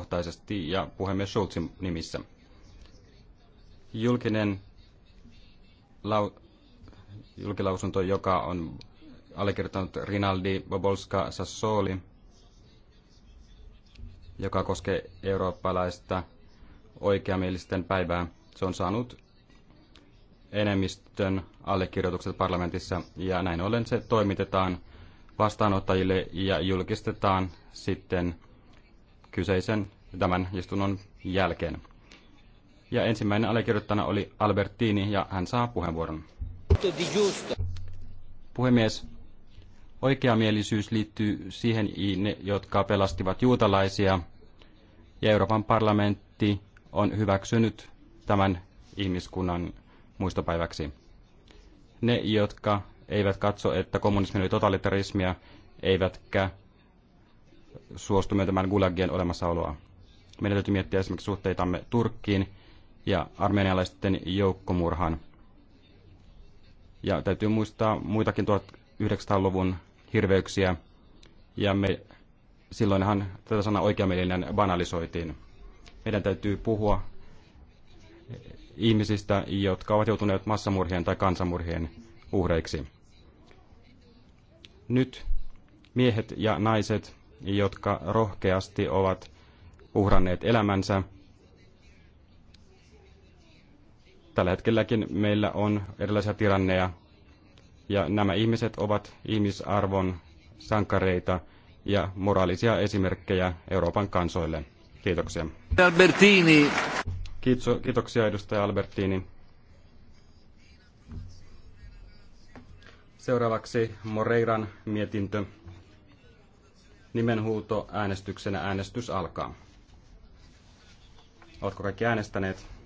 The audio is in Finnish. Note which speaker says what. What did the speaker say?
Speaker 1: henkilökohtaisesti ja puhemies Schulzin nimissä. Julkinen lau, julkilausunto, joka on allekirjoittanut Rinaldi Bobolska Sassoli, joka koskee eurooppalaista oikeamielisten päivää. Se on saanut enemmistön allekirjoitukset parlamentissa ja näin ollen se toimitetaan vastaanottajille ja julkistetaan sitten kyseisen tämän istunnon jälkeen. Ja ensimmäinen allekirjoittana oli Albertini ja hän saa puheenvuoron. Puhemies, oikeamielisyys liittyy siihen, ne, jotka pelastivat juutalaisia, ja Euroopan parlamentti on hyväksynyt tämän ihmiskunnan muistopäiväksi. Ne, jotka eivät katso, että kommunismi oli totalitarismia, eivätkä suostui myöntämään gulagien olemassaoloa. Meidän täytyy miettiä esimerkiksi suhteitamme Turkkiin ja armeenialaisten joukkomurhan. Ja täytyy muistaa muitakin 1900-luvun hirveyksiä. Ja me, silloinhan tätä sanaa oikeamielinen banalisoitiin. Meidän täytyy puhua ihmisistä, jotka ovat joutuneet massamurhien tai kansamurhien uhreiksi. Nyt miehet ja naiset jotka rohkeasti ovat uhranneet elämänsä. Tällä hetkelläkin meillä on erilaisia tilanneja, ja nämä ihmiset ovat ihmisarvon sankareita ja moraalisia esimerkkejä Euroopan kansoille. Kiitoksia. Albertini. Kiitso, kiitoksia edustaja Albertini. Seuraavaksi Moreiran mietintö. Nimenhuuto äänestyksenä äänestys alkaa. Oletko kaikki äänestäneet?